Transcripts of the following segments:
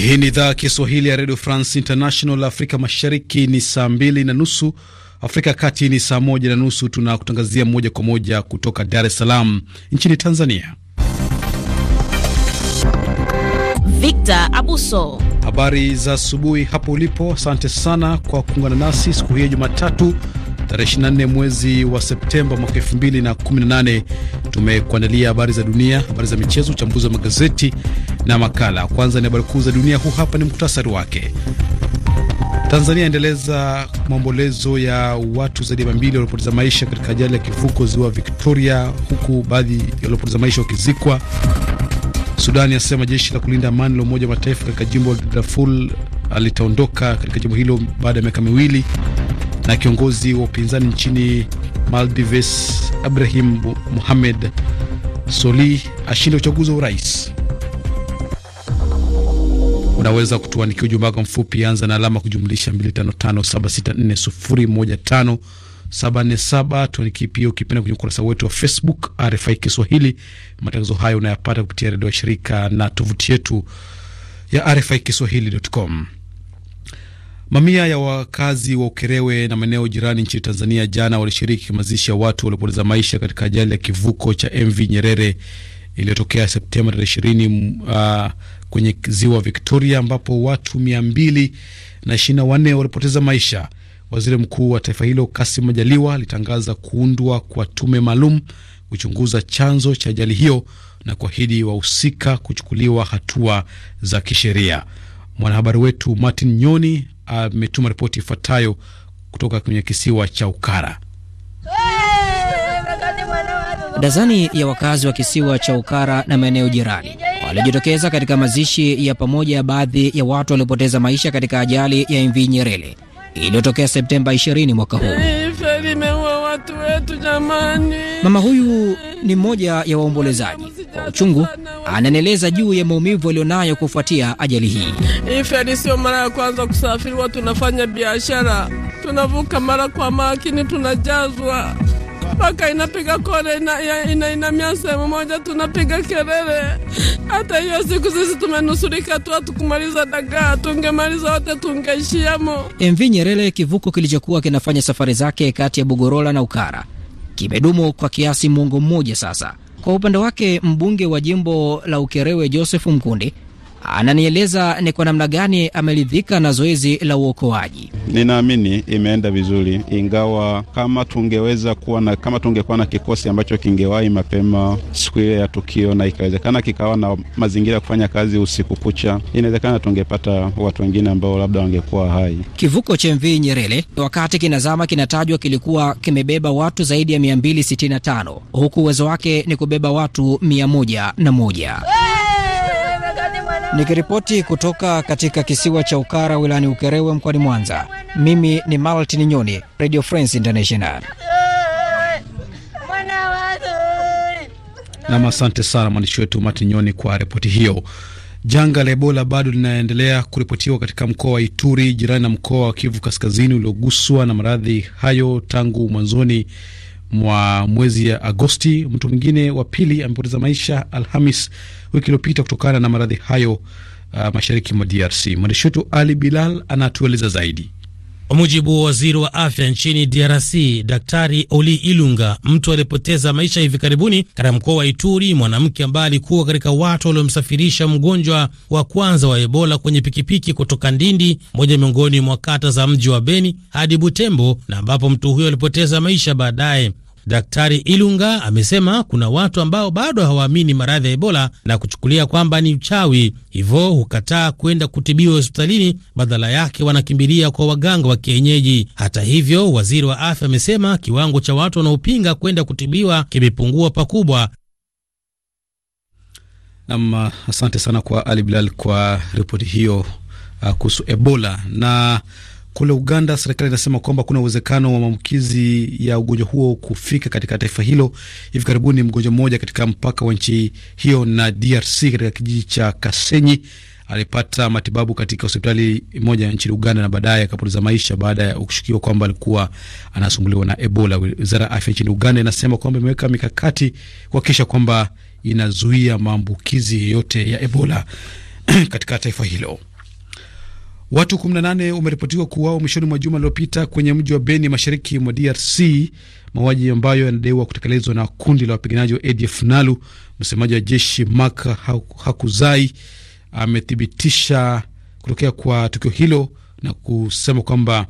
Hii ni idhaa ya Kiswahili ya Radio France International. Afrika Mashariki ni saa mbili na nusu, Afrika ya Kati ni saa moja na nusu. Tunakutangazia moja kwa moja kutoka Dar es Salaam nchini Tanzania. Victor Abuso, habari za asubuhi hapo ulipo. Asante sana kwa kuungana nasi siku hii ya Jumatatu tarehe 24 mwezi wa Septemba mwaka 2018. Tumekuandalia habari za dunia, habari za michezo, uchambuzi wa magazeti na makala. Kwanza ni habari kuu za dunia, huu hapa ni muhtasari wake. Tanzania endeleza maombolezo ya watu zaidi ya mia mbili waliopoteza maisha katika ajali ya kivuko ziwa Victoria, huku baadhi waliopoteza maisha wakizikwa. Sudani asema jeshi la kulinda amani la Umoja wa Mataifa katika jimbo la Darfur alitaondoka katika jimbo hilo baada ya miaka miwili na kiongozi wa upinzani nchini Maldives Ibrahim Mohamed Soli ashinde uchaguzi wa urais. Unaweza kutuandikia ujumbe wako mfupi, anza na alama kujumlisha 255764015747. Tuandikie pia ukipenda kwenye ukurasa wetu wa Facebook RFI Kiswahili. Matangazo hayo unayapata kupitia redio ya shirika na tovuti yetu ya RFI Kiswahili.com. Mamia ya wakazi wa Ukerewe na maeneo jirani nchini Tanzania jana walishiriki mazishi ya watu waliopoteza maisha katika ajali ya kivuko cha MV Nyerere iliyotokea Septemba 20 uh, ah, kwenye ziwa Victoria ambapo watu mia mbili na ishirini na wanne walipoteza maisha. Waziri mkuu wa taifa hilo Kasim Majaliwa alitangaza kuundwa kwa tume maalum kuchunguza chanzo cha ajali hiyo na kuahidi wahusika kuchukuliwa hatua za kisheria. Mwanahabari wetu Martin Nyoni ametuma ripoti ifuatayo kutoka kwenye kisiwa cha Ukara. Dazani ya wakazi wa kisiwa cha Ukara na maeneo jirani walijitokeza katika mazishi ya pamoja ya baadhi ya watu waliopoteza maisha katika ajali ya MV Nyerere iliyotokea Septemba 20 mwaka huu watu wetu jamani. Mama huyu ni mmoja ya waombolezaji. Kwa uchungu, ananieleza juu ya maumivu alionayo kufuatia ajali hii. Hii feri sio mara ya kwanza kusafiriwa, tunafanya biashara, tunavuka mara kwa mara, lakini tunajazwa mpaka inapiga kore ina, ina, sehemu moja, tunapiga kelele. Hata hiyo siku sisi tumenusurika tu, hatukumaliza dagaa, tungemaliza wote tungeishiamo. MV Nyerere, kivuko kilichokuwa kinafanya safari zake kati ya Bugorola na Ukara, kimedumu kwa kiasi mwongo mmoja sasa. Kwa upande wake mbunge wa jimbo la Ukerewe Joseph Mkundi ananieleza ni kwa namna gani ameridhika na zoezi la uokoaji. Ninaamini imeenda vizuri, ingawa kama tungeweza kuwa na kama tungekuwa na kikosi ambacho kingewahi mapema siku ile ya tukio, na ikawezekana kikawa na mazingira ya kufanya kazi usiku kucha, inawezekana tungepata watu wengine ambao labda wangekuwa hai. Kivuko cha MV Nyerere wakati kinazama, kinatajwa kilikuwa kimebeba watu zaidi ya 265 huku uwezo wake ni kubeba watu 101. Nikiripoti kutoka katika kisiwa cha Ukara wilayani Ukerewe mkoani Mwanza, mimi ni Maltin Nyoni, Radio France International. Nam, asante sana mwandishi wetu Martin Nyoni kwa ripoti hiyo. Janga la Ebola bado linaendelea kuripotiwa katika mkoa wa Ituri, jirani na mkoa wa Kivu Kaskazini ulioguswa na maradhi hayo tangu mwanzoni mwa mwezi ya Agosti. Mtu mwingine wa pili amepoteza maisha Alhamis wiki iliyopita kutokana na maradhi hayo uh, mashariki mwa DRC. Mwandishi wetu Ali Bilal anatueleza zaidi. Kwa mujibu wa waziri wa afya nchini DRC Daktari Oli Ilunga, mtu aliyepoteza maisha hivi karibuni katika mkoa wa Ituri, mwanamke ambaye alikuwa katika watu waliomsafirisha mgonjwa wa kwanza wa Ebola kwenye pikipiki kutoka Ndindi, moja miongoni mwa kata za mji wa Beni, hadi Butembo, na ambapo mtu huyo alipoteza maisha baadaye. Daktari Ilunga amesema kuna watu ambao bado hawaamini maradhi ya Ebola na kuchukulia kwamba ni uchawi, hivyo hukataa kwenda kutibiwa hospitalini, badala yake wanakimbilia kwa waganga wa kienyeji. Hata hivyo, waziri wa afya amesema kiwango cha watu wanaopinga kwenda kutibiwa kimepungua pakubwa. Nam, asante sana kwa Ali Bilal kwa ripoti hiyo uh, kuhusu Ebola na kule Uganda, serikali inasema kwamba kuna uwezekano wa maambukizi ya ugonjwa huo kufika katika taifa hilo hivi karibuni. Mgonjwa mmoja katika mpaka wa nchi hiyo na DRC katika kijiji cha Kasenyi alipata matibabu katika hospitali moja nchini Uganda na baadaye akapoteza maisha baada ya kushukiwa kwamba alikuwa anasumbuliwa na Ebola. Wizara ya afya nchini Uganda inasema kwamba imeweka mikakati kuhakikisha kwamba inazuia maambukizi yote ya Ebola katika taifa hilo. Watu 18 wameripotiwa kuuawa mwishoni mwa juma lililopita kwenye mji wa Beni, mashariki mwa DRC, mauaji ambayo yanadaiwa kutekelezwa na kundi la wapiganaji wa ADF NALU. Msemaji wa jeshi maka Hakuzai amethibitisha kutokea kwa tukio hilo na kusema kwamba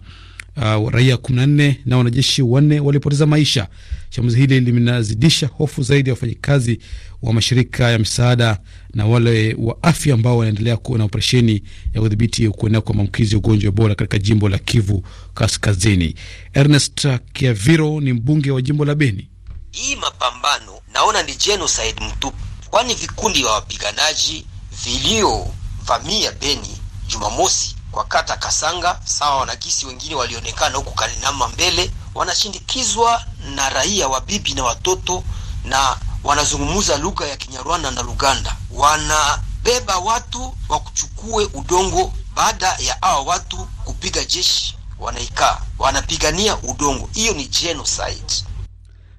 uh, raia 14 na wanajeshi wanne walipoteza maisha. Shambulizi hili limenazidisha hofu zaidi ya wafanyikazi wa mashirika ya misaada na wale wa afya ambao wanaendelea na operesheni ya kudhibiti kuenea kwa maambukizi ya ugonjwa wa Ebola katika jimbo la Kivu Kaskazini. Ernest Kiaviro ni mbunge wa jimbo la Beni. Hii mapambano naona ni genocide mtupu, kwani vikundi vya wapiganaji viliovamia Beni Jumamosi kwa kata Kasanga sawa. Wanakisi wengine walionekana huku Kalinama mbele wanashindikizwa na raia wa bibi na watoto, na wanazungumuza lugha ya Kinyarwanda na Luganda. Wanabeba watu wa kuchukue udongo. Baada ya hawa watu kupiga jeshi, wanaikaa wanapigania udongo. Hiyo ni genocide.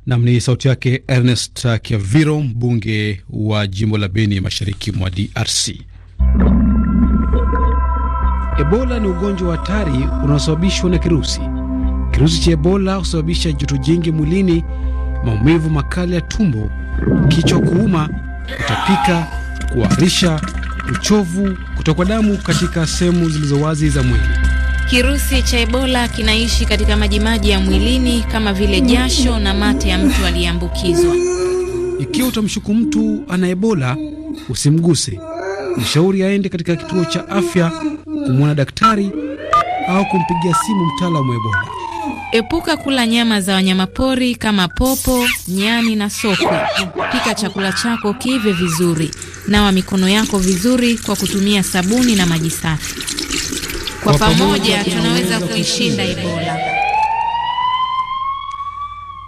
Nam ni sauti yake Ernest Kiaviro, mbunge wa jimbo la Beni, mashariki mwa DRC. Ebola ni ugonjwa wa hatari unaosababishwa na kirusi. Kirusi cha Ebola husababisha joto jingi mwilini, maumivu makali ya tumbo, kichwa kuuma, kutapika, kuharisha, uchovu, kutokwa damu katika sehemu zilizo wazi za mwili. Kirusi cha Ebola kinaishi katika majimaji ya mwilini kama vile jasho na mate ya mtu aliyeambukizwa. Ikiwa utamshuku mtu ana Ebola, usimguse, mshauri aende katika kituo cha afya kumwona daktari au kumpigia simu mtaalamu wa Ebola. Epuka kula nyama za wanyamapori kama popo, nyani na sokwe. Pika chakula chako kiive vizuri. Nawa mikono yako vizuri kwa kutumia sabuni na maji safi. Kwa pamoja tunaweza kuishinda Ebola.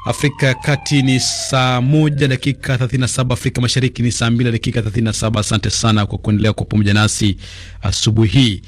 Afrika ya Kati ni saa moja dakika 37, Afrika Mashariki ni saa mbili dakika 37. Asante sana kwa kuendelea kwa pamoja nasi asubuhi hii.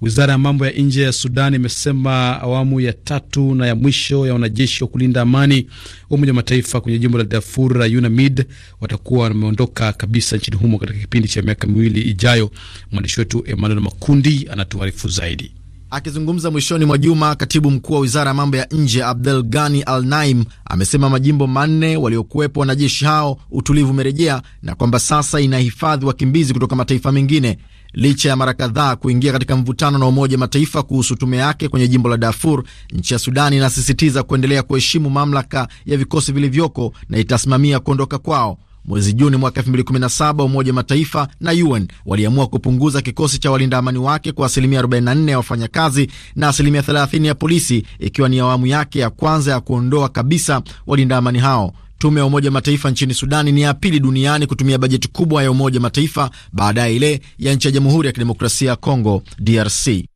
Wizara ya mambo ya nje ya Sudan imesema awamu ya tatu na ya mwisho ya wanajeshi wa kulinda amani wa Umoja wa Mataifa kwenye jimbo la Darfur UNAMID watakuwa wameondoka kabisa nchini humo katika kipindi cha miaka miwili ijayo. Mwandishi wetu Emmanuel Makundi anatuarifu zaidi. Akizungumza mwishoni mwa juma, katibu mkuu wa wizara ya mambo ya nje Abdel Ghani Al Naim amesema majimbo manne waliokuwepo wanajeshi hao utulivu umerejea na kwamba sasa inahifadhi wakimbizi kutoka mataifa mengine, licha ya mara kadhaa kuingia katika mvutano na Umoja Mataifa kuhusu tume yake kwenye jimbo la Darfur. Nchi ya Sudani inasisitiza kuendelea kuheshimu mamlaka ya vikosi vilivyoko na itasimamia kuondoka kwao. Mwezi Juni mwaka 2017 Umoja wa Mataifa na UN waliamua kupunguza kikosi cha walinda amani wake kwa asilimia 44 ya wafanyakazi na asilimia 30 ya polisi, ikiwa ni awamu yake ya kwanza ya kuondoa kabisa walinda amani hao. Tume ya Umoja Mataifa nchini Sudani ni ya pili duniani kutumia bajeti kubwa ya Umoja Mataifa baada ya ile ya nchi ya Jamhuri ya Kidemokrasia ya Kongo, DRC.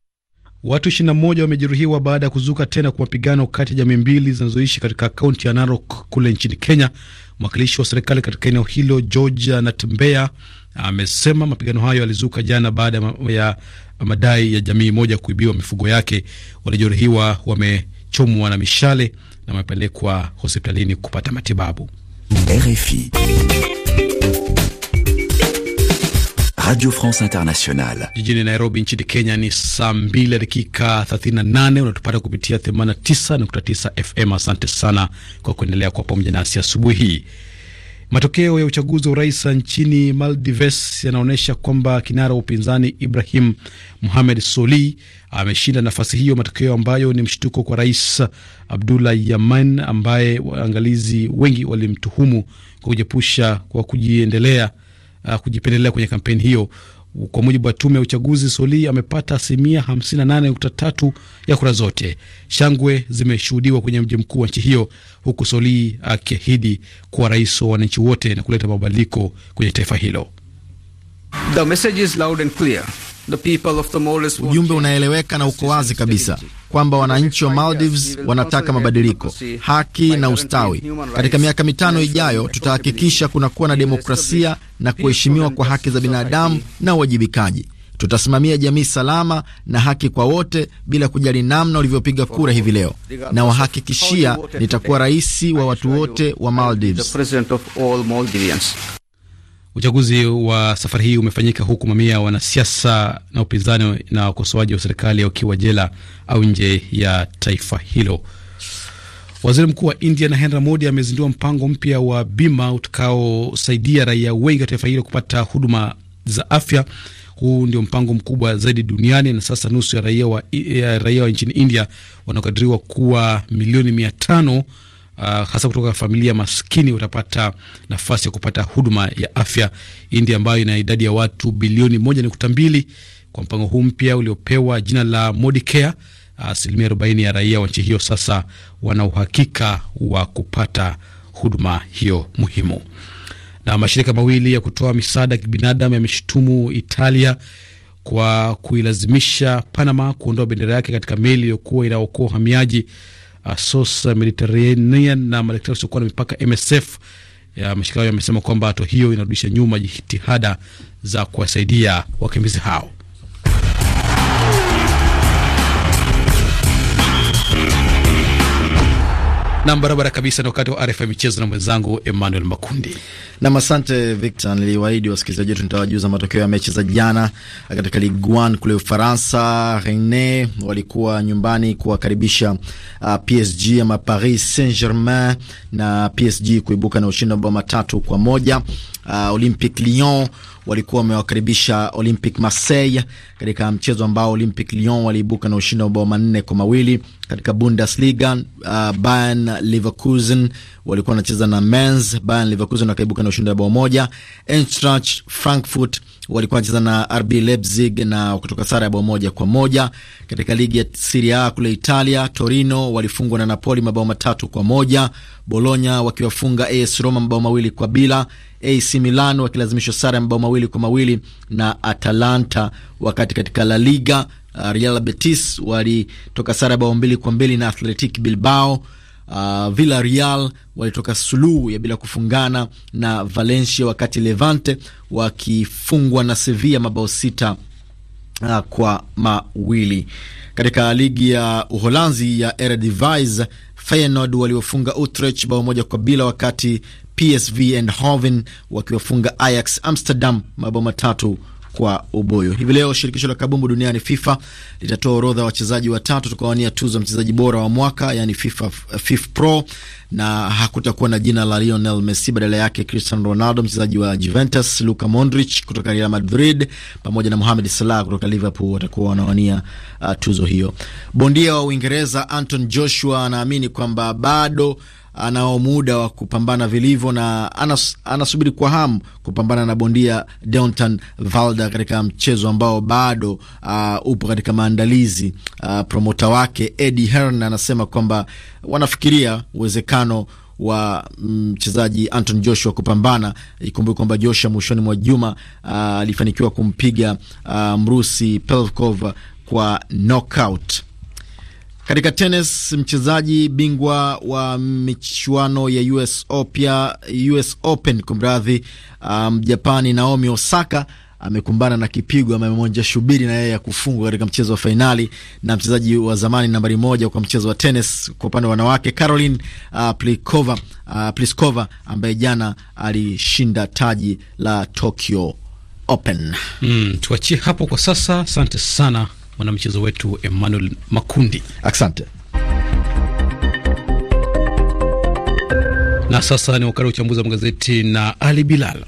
Watu 21 wamejeruhiwa baada ya kuzuka tena kwa mapigano kati ya jamii mbili zinazoishi katika kaunti ya Narok kule nchini Kenya. Mwakilishi wa serikali katika eneo hilo George Natembea amesema mapigano hayo yalizuka jana baada ya madai ya jamii moja kuibiwa mifugo yake. Waliojeruhiwa wamechomwa na mishale na wamepelekwa hospitalini kupata matibabu. RFI. Radio France Internationale jijini Nairobi nchini Kenya ni saa 2 dakika 38. Unatupata kupitia 89.9 FM. Asante sana kwa kuendelea kwa pamoja nasi asubuhi hii. Matokeo ya uchaguzi wa urais nchini Maldives yanaonyesha kwamba kinara wa upinzani Ibrahim muhamed Soli ameshinda nafasi hiyo, matokeo ambayo ni mshtuko kwa rais Abdullah Yaman ambaye waangalizi wengi walimtuhumu kwa kujepusha kwa kujiendelea uh, kujipendelea kwenye kampeni hiyo. Kwa mujibu wa tume ya uchaguzi, Soli amepata asilimia 58.3 ya kura zote. Shangwe zimeshuhudiwa kwenye mji mkuu wa nchi hiyo, huku Soli akiahidi kuwa rais wa wananchi wote na kuleta mabadiliko kwenye taifa hilo. The message is loud and clear. The people of Ujumbe unaeleweka na uko wazi kabisa kwamba wananchi wa Maldives wanataka mabadiliko, haki na ustawi. Katika miaka mitano ijayo, tutahakikisha kunakuwa na demokrasia na kuheshimiwa kwa haki za binadamu na uwajibikaji. Tutasimamia jamii salama na haki kwa wote bila kujali namna ulivyopiga kura hivi leo, na wahakikishia nitakuwa rais wa watu wote wa Maldives. Uchaguzi wa safari hii umefanyika huku mamia wanasiasa na upinzani na wakosoaji wa serikali wakiwa jela au nje ya taifa hilo. Waziri Mkuu wa India Narendra Modi amezindua mpango mpya wa bima utakaosaidia raia wengi wa taifa hilo kupata huduma za afya. Huu ndio mpango mkubwa zaidi duniani na sasa nusu ya raia wa, ya raia wa nchini India wanaokadiriwa kuwa milioni mia tano uh, hasa kutoka familia maskini utapata nafasi ya kupata huduma ya afya. India ambayo ina idadi ya watu bilioni moja nukta mbili kwa mpango huu mpya uliopewa jina la Modicare, ah, asilimia uh, 40 ya raia wa nchi hiyo sasa wana uhakika wa kupata huduma hiyo muhimu. Na mashirika mawili ya kutoa misaada ya kibinadamu yameshutumu Italia kwa kuilazimisha Panama kuondoa bendera yake katika meli iliyokuwa inaokoa uhamiaji uh, SOS Mediterranean na madaktari wasiokuwa na mipaka MSF mashirika hayo yamesema kwamba hatua hiyo inarudisha nyuma jitihada za kuwasaidia wakimbizi hao. Nam, barabara kabisa, ni wakati wa RFI michezo na mwenzangu Emmanuel Makundi. Nam, asante Victor. Niliwaahidi wasikilizaji wetu nitawajuza matokeo ya mechi za jana katika Ligue 1 kule Ufaransa. Rennes walikuwa nyumbani kuwakaribisha uh, PSG ama Paris Saint Germain, na PSG kuibuka na ushindi wa mabao matatu kwa moja. Uh, Olympique Lyon walikuwa wamewakaribisha Olympic Marseille katika mchezo ambao Olympic Lyon waliibuka na ushindi wa mabao manne kwa mawili. Katika Bundesliga, uh, Bayern Leverkusen walikuwa wanacheza na Mainz. Bayern Leverkusen wakaibuka na ushindi wa bao moja. Eintracht Frankfurt walikuwa wanacheza na RB Leipzig na kutoka sare ya bao moja kwa moja. Katika ligi ya Serie A kule Italia, Torino walifungwa na Napoli mabao matatu kwa moja, Bologna wakiwafunga AS Roma mabao mawili kwa bila, AC Milan wakilazimishwa sare ya mabao mawili kwa mawili na Atalanta, wakati katika La Liga Real Betis walitoka sare ya bao mbili kwa mbili na Athletic Bilbao. Uh, Villarreal walitoka suluhu ya bila kufungana na Valencia, wakati Levante wakifungwa na Sevilla mabao sita uh, kwa mawili. Katika ligi ya Uholanzi ya Eredivisie, Feyenoord waliofunga Utrecht bao moja kwa bila, wakati PSV Eindhoven wakiwafunga Ajax Amsterdam mabao matatu kwa ubuyu. Hivi leo shirikisho la kabumbu duniani FIFA litatoa orodha ya wachezaji watatu tukawania tuzo ya mchezaji bora wa mwaka, yani FIFA FIFA Pro, na hakutakuwa na jina la Lionel Messi, badala yake Cristiano Ronaldo mchezaji wa Juventus, Luka Modric kutoka Real Madrid pamoja na Mohamed Salah kutoka Liverpool watakuwa wanawania uh, tuzo hiyo. Bondia wa Uingereza Anton Joshua anaamini kwamba bado anao muda wa kupambana vilivyo na anas, anasubiri kwa hamu kupambana na bondia Deontay Wilder katika mchezo ambao bado uh, upo katika maandalizi. Uh, promota wake Eddie Hearn anasema kwamba wanafikiria uwezekano wa mm, mchezaji mm, Anthony Joshua kupambana. Ikumbuke kwamba Joshua mwishoni mwa juma uh, alifanikiwa uh, kumpiga uh, Mrusi Pelkov kwa knockout. Katika tenis, mchezaji bingwa wa michuano ya US Open, US Open kumradhi, Mjapani um, Naomi Osaka amekumbana na kipigo amemwonja shubiri na yeye ya kufungwa katika mchezo wa fainali na mchezaji wa zamani nambari moja kwa mchezo wa tenis kwa upande wa wanawake Caroline uh, Pliskova, uh, Pliskova ambaye jana alishinda taji la Tokyo Open. Mm, tuachie hapo kwa sasa. Asante sana mwanamchezo wetu Emmanuel Makundi. Asante. Na sasa ni wakati wa uchambuzi wa magazeti na Ali Bilal.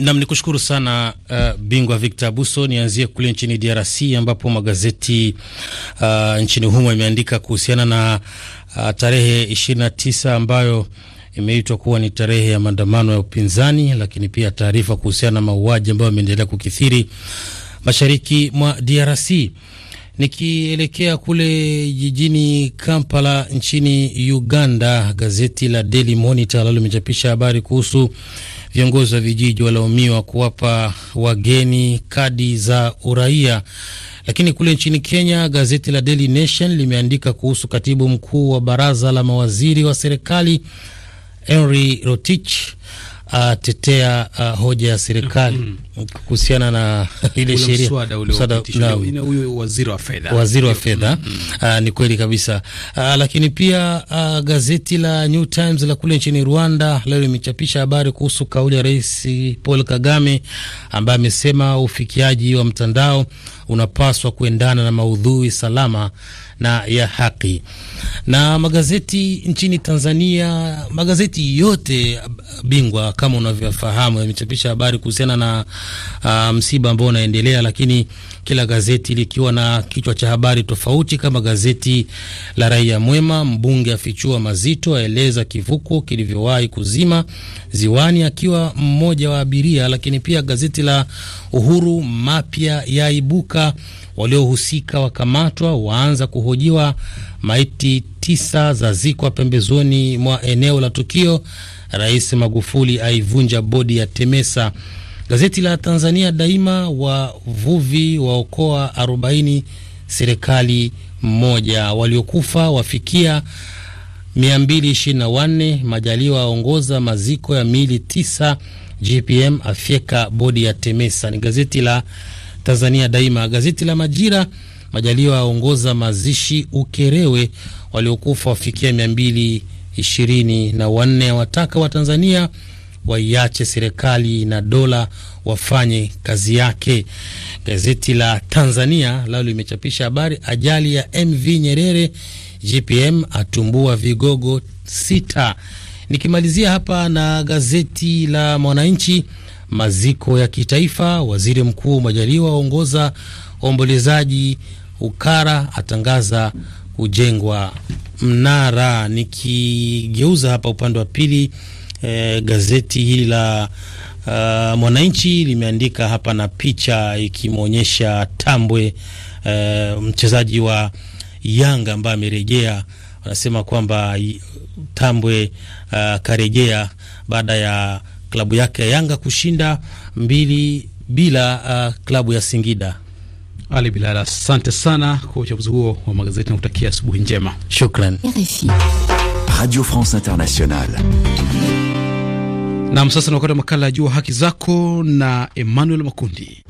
Nam ni kushukuru sana uh, bingwa Victor Abuso. Nianzie kule nchini DRC ambapo magazeti uh, nchini humo imeandika kuhusiana na uh, tarehe 29 ambayo imeitwa kuwa ni tarehe ya maandamano ya upinzani, lakini pia taarifa kuhusiana na mauaji ambayo yameendelea kukithiri mashariki mwa DRC. Nikielekea kule jijini Kampala nchini Uganda, gazeti la Daily Monitor lalo limechapisha habari kuhusu viongozi wa vijiji walaumiwa kuwapa wageni kadi za uraia. Lakini kule nchini Kenya, gazeti la Daily Nation limeandika kuhusu katibu mkuu wa baraza la mawaziri wa serikali Henry Rotich atetea uh, uh, hoja ya serikali mm-hmm kuhusiana na ile sheria huyo waziri wa fedha, waziri wa fedha mm -hmm. Ni kweli kabisa aa, ah, lakini pia aa, ah, gazeti la New Times la kule nchini Rwanda leo limechapisha habari kuhusu kauli ya Rais Paul Kagame ambaye amesema ufikiaji wa mtandao unapaswa kuendana na maudhui salama na ya haki. Na magazeti nchini Tanzania, magazeti yote bingwa kama unavyofahamu yamechapisha habari kuhusiana na Ah, msiba um, ambao unaendelea, lakini kila gazeti likiwa na kichwa cha habari tofauti, kama gazeti la Raia Mwema, mbunge afichua mazito, aeleza kivuko kilivyowahi kuzima ziwani akiwa mmoja wa abiria. Lakini pia gazeti la Uhuru, mapya yaibuka, waliohusika wakamatwa, waanza kuhojiwa, maiti tisa zazikwa pembezoni mwa eneo la tukio. Rais Magufuli aivunja bodi ya Temesa. Gazeti la Tanzania Daima, wavuvi waokoa 40 serikali mmoja, waliokufa wafikia 224. Majaliwa aongoza maziko ya mili tisa. GPM afyeka bodi ya Temesa. Ni gazeti la Tanzania Daima. Gazeti la Majira, Majaliwa aongoza mazishi Ukerewe, waliokufa wafikia 224, wataka wa Tanzania waiache serikali na dola wafanye kazi yake. Gazeti la Tanzania lao limechapisha habari ajali ya MV Nyerere, GPM atumbua vigogo sita. Nikimalizia hapa na gazeti la Mwananchi, maziko ya kitaifa, waziri mkuu Majaliwa aongoza waombolezaji, ukara atangaza kujengwa mnara. Nikigeuza hapa upande wa pili Eh, gazeti hili la uh, Mwananchi limeandika hapa na picha ikimwonyesha Tambwe eh, mchezaji wa Yanga ambaye amerejea. Wanasema kwamba Tambwe uh, karejea baada ya klabu yake ya Yanga kushinda mbili bila uh, klabu ya Singida. Ali Bilala, asante sana kwa uchambuzi huo wa magazeti na kutakia asubuhi njema. Shukran. RFI. Radio France Internationale. Nam, sasa nakuata makala ya Jua Haki Zako na Emmanuel Makundi.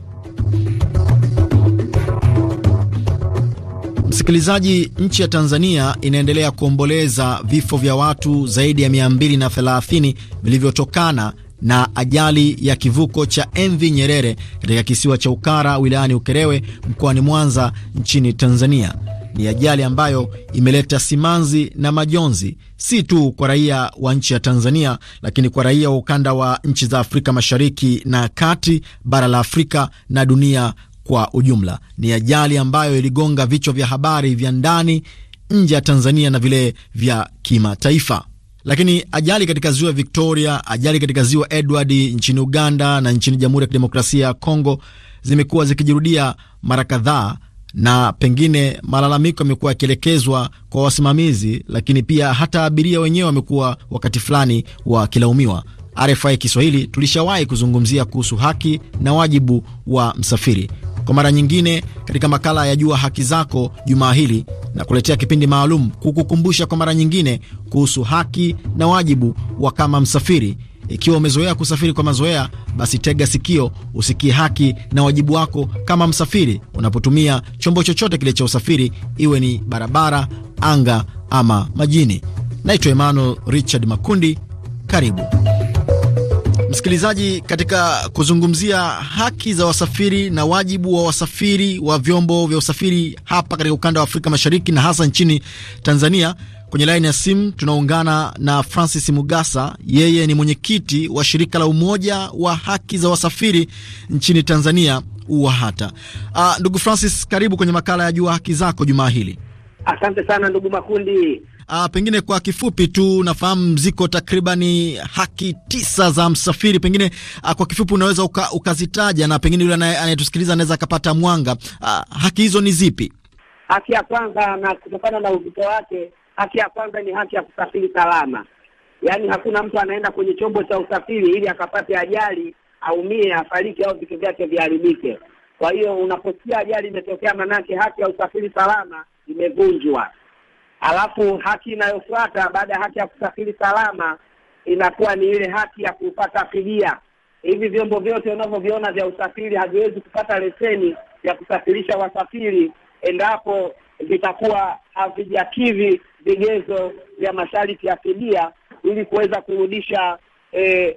Msikilizaji, nchi ya Tanzania inaendelea kuomboleza vifo vya watu zaidi ya 230 vilivyotokana na ajali ya kivuko cha MV Nyerere katika kisiwa cha Ukara wilayani Ukerewe mkoani Mwanza nchini Tanzania ni ajali ambayo imeleta simanzi na majonzi si tu kwa raia wa nchi ya Tanzania, lakini kwa raia wa ukanda wa nchi za Afrika Mashariki na Kati, bara la Afrika na dunia kwa ujumla. Ni ajali ambayo iligonga vichwa vya habari vya ndani, nje ya Tanzania na vile vya kimataifa. Lakini ajali katika ziwa Victoria, ajali katika ziwa Edward nchini Uganda na nchini Jamhuri ya Kidemokrasia ya Kongo zimekuwa zikijirudia mara kadhaa na pengine malalamiko yamekuwa yakielekezwa kwa wasimamizi, lakini pia hata abiria wenyewe wamekuwa wakati fulani wakilaumiwa. RFI Kiswahili tulishawahi kuzungumzia kuhusu haki na wajibu wa msafiri. Kwa mara nyingine, katika makala ya Jua Haki Zako jumaa hili, na kuletea kipindi maalum kukukumbusha kwa mara nyingine kuhusu haki na wajibu wa kama msafiri ikiwa umezoea kusafiri kwa mazoea, basi tega sikio usikie haki na wajibu wako kama msafiri unapotumia chombo chochote kile cha usafiri, iwe ni barabara, anga ama majini. Naitwa Emmanuel Richard Makundi. Karibu msikilizaji, katika kuzungumzia haki za wasafiri na wajibu wa wasafiri wa vyombo vya usafiri hapa katika ukanda wa Afrika Mashariki na hasa nchini Tanzania. Kwenye laini ya simu tunaungana na Francis Mugasa, yeye ni mwenyekiti wa shirika la umoja wa haki za wasafiri nchini Tanzania, UWAHATA. Uh, ndugu Francis, karibu kwenye makala ya Jua Haki Zako jumaa hili. Asante sana ndugu Makundi. Uh, pengine kwa kifupi tu, nafahamu ziko takribani haki tisa za msafiri. Pengine uh, kwa kifupi unaweza uka, ukazitaja na pengine yule anayetusikiliza anaweza akapata mwanga. uh, haki hizo ni zipi? Haki ya kwanza, na kutokana na uzito wake, Haki ya kwanza ni haki ya kusafiri salama, yaani hakuna mtu anaenda kwenye chombo cha usafiri ili akapate ajali, aumie, afariki au vitu vyake viharibike. Kwa hiyo unaposikia ajali imetokea, manake haki ya usafiri salama imevunjwa. Alafu haki inayofuata baada ya haki ya kusafiri salama inakuwa ni ile haki ya kupata fidia. Hivi vyombo vyote unavyoviona vya usafiri haviwezi kupata leseni ya kusafirisha wasafiri endapo vitakuwa havijakidhi vigezo vya masharti ya fidia ili kuweza kurudisha eh,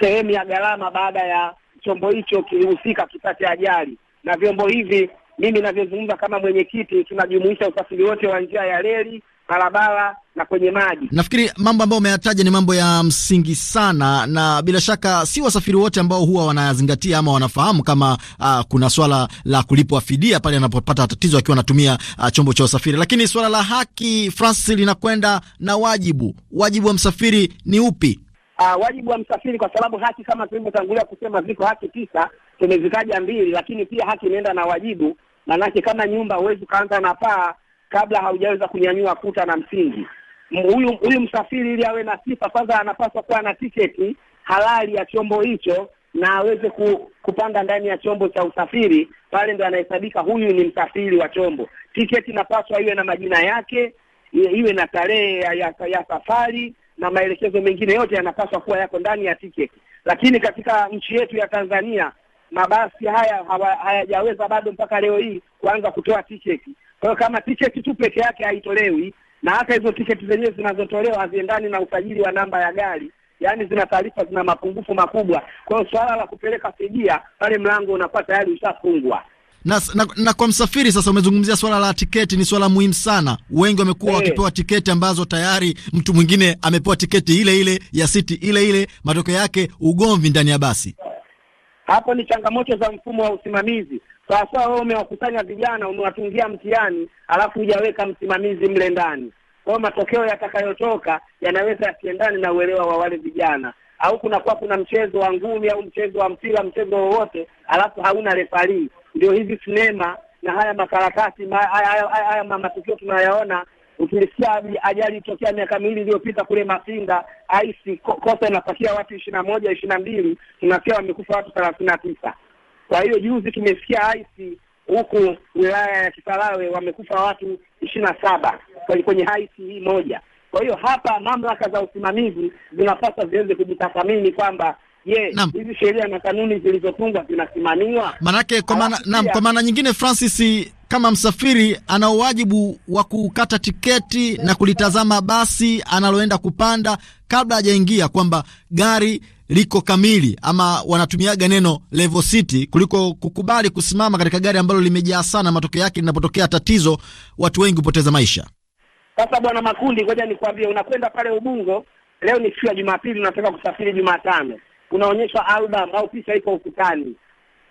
sehemu ya gharama baada ya chombo hicho kilihusika kipate ajali. Na vyombo hivi, mimi navyozungumza kama mwenyekiti, tunajumuisha usafiri wote wa njia ya reli barabara na kwenye maji. Nafikiri mambo ambayo umeyataja ni mambo ya msingi sana, na bila shaka si wasafiri wote ambao huwa wanayazingatia ama wanafahamu kama uh, kuna swala la kulipwa fidia pale anapopata tatizo akiwa anatumia uh, chombo cha usafiri. Lakini swala la haki, Francis, linakwenda na wajibu. Wajibu wa msafiri ni upi? Uh, wajibu wa msafiri, kwa sababu haki kama tulivyotangulia kusema, ziko haki tisa, tumezitaja mbili, lakini pia haki inaenda na wajibu, maanake kama nyumba huwezi ukaanza na paa kabla haujaweza kunyanyua kuta na msingi. Huyu huyu msafiri ili awe na sifa, kwanza anapaswa kuwa na tiketi halali ya chombo hicho na aweze ku, kupanda ndani ya chombo cha usafiri. Pale ndo anahesabika huyu ni msafiri wa chombo. Tiketi inapaswa iwe na majina yake, iwe na tarehe ya, ya, ya safari na maelekezo mengine yote yanapaswa kuwa yako ndani ya tiketi. Lakini katika nchi yetu ya Tanzania mabasi haya hayajaweza bado mpaka leo hii kuanza kutoa tiketi. Kwa hiyo kama tiketi tu peke yake haitolewi, na hata hizo tiketi zenyewe zinazotolewa haziendani na usajili wa namba ya gari, yaani zina taarifa, zina mapungufu makubwa. Kwa hiyo swala la kupeleka fidia pale, mlango unakuwa tayari ushafungwa. Na, na, na kwa msafiri sasa, umezungumzia swala la tiketi, ni swala muhimu sana. Wengi wamekuwa hey, eh. wakipewa tiketi ambazo tayari mtu mwingine amepewa tiketi ile ile ya siti ile ile, matokeo yake ugomvi ndani ya basi. Hapo ni changamoto za mfumo wa usimamizi. Sasa wewe umewakusanya vijana, umewatungia mtihani, alafu hujaweka msimamizi mle ndani. Kwa hiyo matokeo yatakayotoka yanaweza yasiendane na uelewa wa wale vijana, au kunakuwa kuna mchezo wa ngumi au mchezo wa mpira, mchezo wowote, alafu hauna refarii. Ndio hizi sinema na haya makaratasi ma, haya, haya, haya, haya matukio tunayaona. Ukilisikia ajali itokea miaka miwili iliyopita kule mapinga aisi, kosa inapakia watu ishirini na moja ishirini na mbili tunasikia wamekufa watu thelathini na tisa. Kwa hiyo juzi tumesikia haisi huku wilaya ya Kisarawe wamekufa watu ishirini na saba kwenye haisi hii moja. Kwa hiyo hapa mamlaka za usimamizi zinapaswa ziweze kujitathmini kwamba Je, hizi sheria na kanuni zilizotungwa zinasimamiwa? Manake kwa maana kwa maana nyingine Francis, kama msafiri ana wajibu wa kukata tiketi na kulitazama basi analoenda kupanda kabla hajaingia, kwamba gari liko kamili, ama wanatumiaga neno level city kuliko kukubali kusimama katika gari ambalo limejaa sana. Matokeo yake linapotokea tatizo, watu wengi hupoteza maisha. Sasa bwana Makundi, ngoja nikwambie, unakwenda pale Ubungo leo ni siku ya Jumapili, unataka kusafiri Jumatano unaonyeshwa album au picha iko ukutani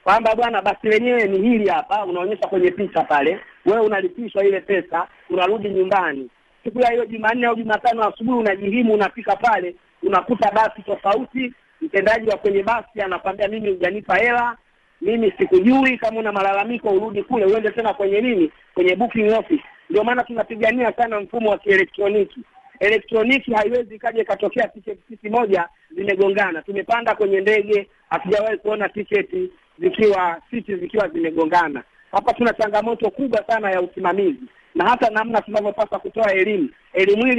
kwamba bwana basi lenyewe ni hili hapa, unaonyesha kwenye picha pale, wewe unalipishwa ile pesa, unarudi nyumbani siku ya hiyo Jumanne au Jumatano asubuhi, unajihimu unafika pale, unakuta basi tofauti. Mtendaji wa kwenye basi anakwambia mimi hujanipa hela, mimi sikujui, kama una malalamiko urudi kule, uende tena kwenye nini, kwenye booking office. Ndio maana tunapigania sana mfumo wa kielektroniki elektroniki haiwezi ikaja ikatokea tiketi tiki moja zimegongana. Tumepanda kwenye ndege, hatujawahi kuona tiketi zikiwa siti zikiwa zimegongana. Hapa tuna changamoto kubwa sana ya usimamizi na hata namna tunavyopaswa kutoa elimu. Elimu hii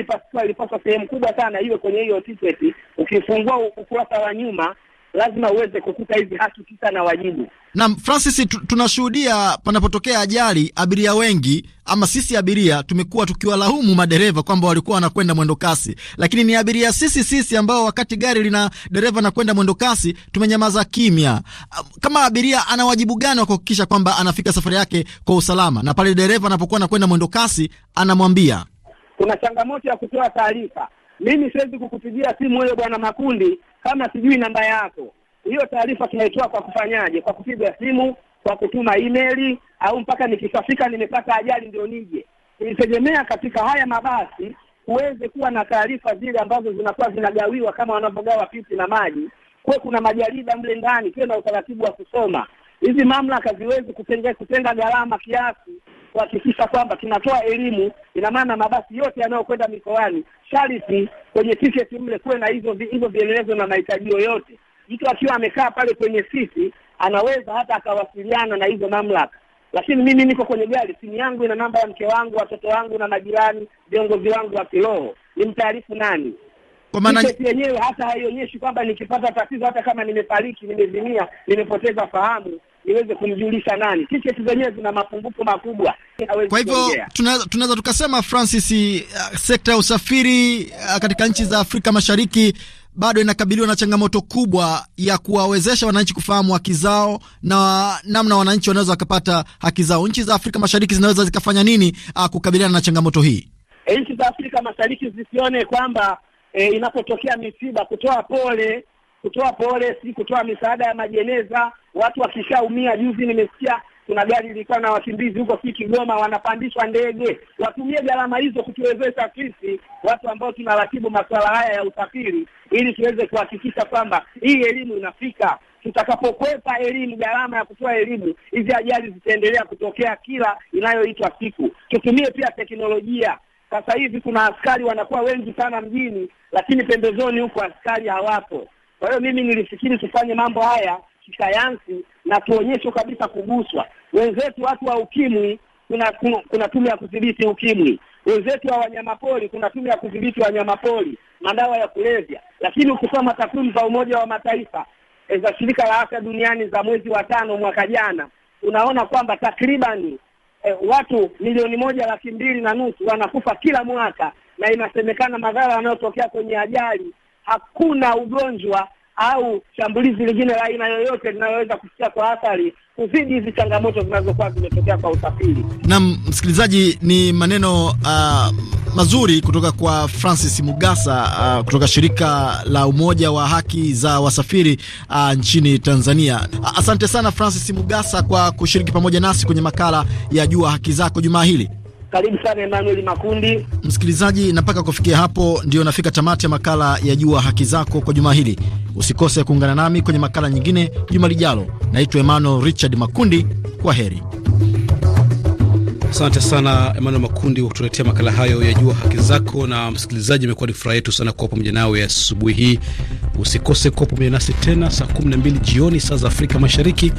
ilipaswa sehemu kubwa sana iwe kwenye hiyo tiketi. Ukifungua ukurasa wa nyuma lazima uweze kukuta hizi haki tisa na wajibu. Naam, Francis, tunashuhudia panapotokea ajali, abiria wengi ama sisi abiria tumekuwa tukiwalaumu madereva kwamba walikuwa wanakwenda mwendo kasi, lakini ni abiria sisi sisi ambao wakati gari lina dereva nakwenda mwendo kasi tumenyamaza kimya. Kama abiria ana wajibu gani wa kuhakikisha kwamba anafika safari yake kwa usalama, na pale dereva anapokuwa anakwenda mwendo kasi anamwambia kuna changamoto ya kutoa taarifa. Mimi siwezi kukupigia simu wewe bwana Makundi kama sijui namba yako. Hiyo taarifa tunaitoa kwa kufanyaje? Kwa kupiga simu, kwa kutuma email, au mpaka nikisafika nimepata ajali ndio nije? Nilitegemea katika haya mabasi huweze kuwa na taarifa zile ambazo zinakuwa zinagawiwa kama wanavyogawa pipi na maji, kwa kuna majarida mle ndani, pia na utaratibu wa kusoma. Hizi mamlaka ziwezi kutenga kutenga gharama kiasi kuhakikisha kwamba tunatoa elimu. Ina maana mabasi yote yanayokwenda mikoani sharti kwenye tiketi mle kuwe na hivyo hivyo vielelezo na mahitajio yote. Mtu akiwa amekaa pale kwenye siti anaweza hata akawasiliana na hizo mamlaka, lakini mimi niko kwenye gari, simu yangu ina namba ya mke wangu, watoto wangu na majirani, viongozi wangu wa kiroho, mtaarifu nani? Kwa maana yenyewe hata haionyeshi kwamba nikipata tatizo, hata kama nimefariki, nimezimia, nimepoteza fahamu, niweze kumjulisha nani. Tiketi zenyewe zina mapungufu makubwa. Kwa hivyo tunaweza tunaweza tukasema Francis, uh, sekta ya usafiri uh, katika nchi za Afrika Mashariki bado inakabiliwa na changamoto kubwa ya kuwawezesha wananchi kufahamu haki zao na namna wananchi wanaweza wakapata haki zao. Nchi za Afrika Mashariki zinaweza zikafanya nini uh, kukabiliana na changamoto hii? E, nchi za Afrika Mashariki zisione kwamba e, inapotokea misiba kutoa pole kutoa pole, si kutoa misaada ya majeneza. Watu wakishaumia, juzi nimesikia kuna gari lilikuwa na wakimbizi huko si Kigoma, wanapandishwa ndege. Watumie gharama hizo kutuwezesha sisi watu ambao tunaratibu masuala haya ya usafiri, ili tuweze kuhakikisha kwamba hii elimu inafika. Tutakapokwepa elimu, gharama ya kutoa elimu, hizi ajali zitaendelea kutokea kila inayoitwa siku. Tutumie pia teknolojia. Sasa hivi kuna askari wanakuwa wengi sana mjini, lakini pembezoni huko askari hawapo. Kwa hiyo mimi nilifikiri tufanye mambo haya kisayansi na tuonyeshe kabisa kuguswa. Wenzetu watu wa ukimwi kuna kuna, kuna tume ya kudhibiti ukimwi. Wenzetu wa wanyamapori kuna tume ya kudhibiti wanyamapori, madawa ya kulevya. Lakini ukisoma takwimu za Umoja wa Mataifa eh, za Shirika la Afya Duniani za mwezi wa tano mwaka jana, unaona kwamba takribani eh, watu milioni moja laki mbili na nusu wanakufa kila mwaka, na inasemekana madhara yanayotokea kwenye ajali hakuna ugonjwa au shambulizi lingine la aina yoyote linaloweza kufikia kwa athari kuzidi hizi changamoto zinazokuwa zimetokea kwa usafiri. Naam, msikilizaji, ni maneno uh, mazuri kutoka kwa Francis Mugasa uh, kutoka shirika la Umoja wa Haki za Wasafiri uh, nchini Tanzania. Asante sana Francis Mugasa kwa kushiriki pamoja nasi kwenye makala ya Jua Haki Zako jumaa hili. Karibu sana Emmanuel Makundi. Msikilizaji, na mpaka kufikia hapo ndio nafika tamati ya makala ya Jua Haki Zako kwa juma hili. Usikose kuungana nami kwenye makala nyingine juma lijalo. Naitwa Emmanuel Richard Makundi, kwa heri. Asante sana Emmanuel Makundi kwa kutuletea makala hayo ya Jua Haki Zako. Na msikilizaji, imekuwa ni furaha yetu sana kuwa pamoja nawe asubuhi hii. Usikose kuwa pamoja nasi tena saa 12 jioni saa za Afrika Mashariki.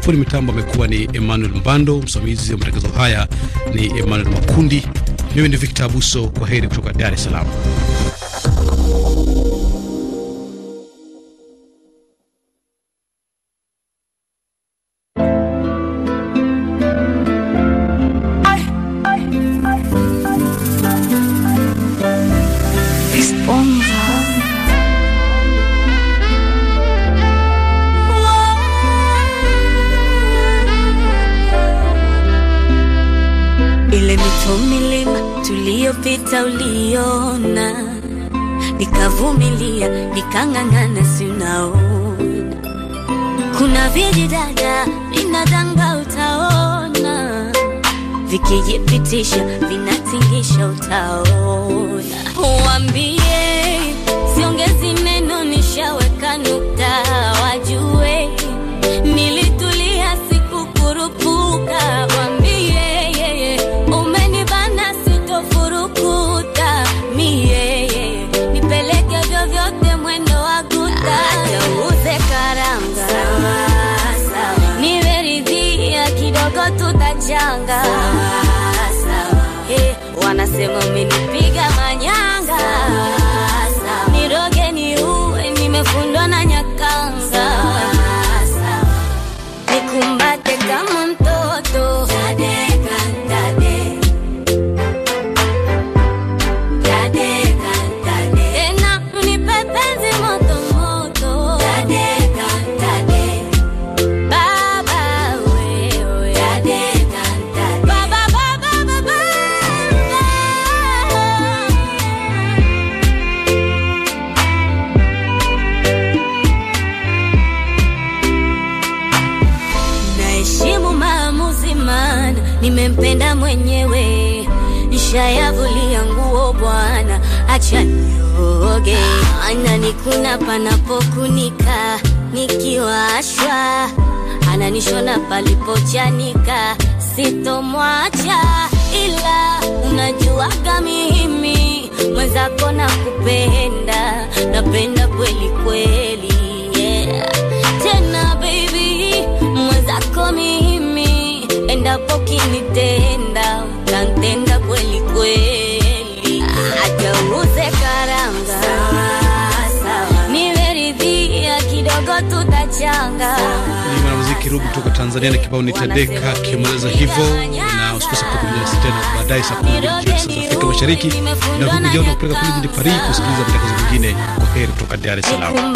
Fundi mitambo amekuwa ni Emmanuel Mbando, msimamizi wa matangazo haya ni Emmanuel Makundi. Mimi ni Victor Abuso, kwa heri kutoka Dar es Salaam. sawa sawa, hey, wanasema Najipenda mwenyewe, nishayavulia nguo bwana, acha nioge. Ananikuna panapokunika, nikiwashwa ananishona palipochanika, sitomwacha ila unajuaga mimi mwenzako na kupenda, napenda kweli kweli, yeah. Tena baby mwenzako mimi endapo kinitenda utantenda kweli kweli, acha karanga kidogo, tutachanga kutoka Tanzania na kibao nitendeka kimweleza hivyo, na usikose tena baadaye saa kumi na moja saa za Afrika Mashariki na kupeleka kule jini Paris kusikiliza matangazo mengine. Kwa heri kutoka Dar es Salaam.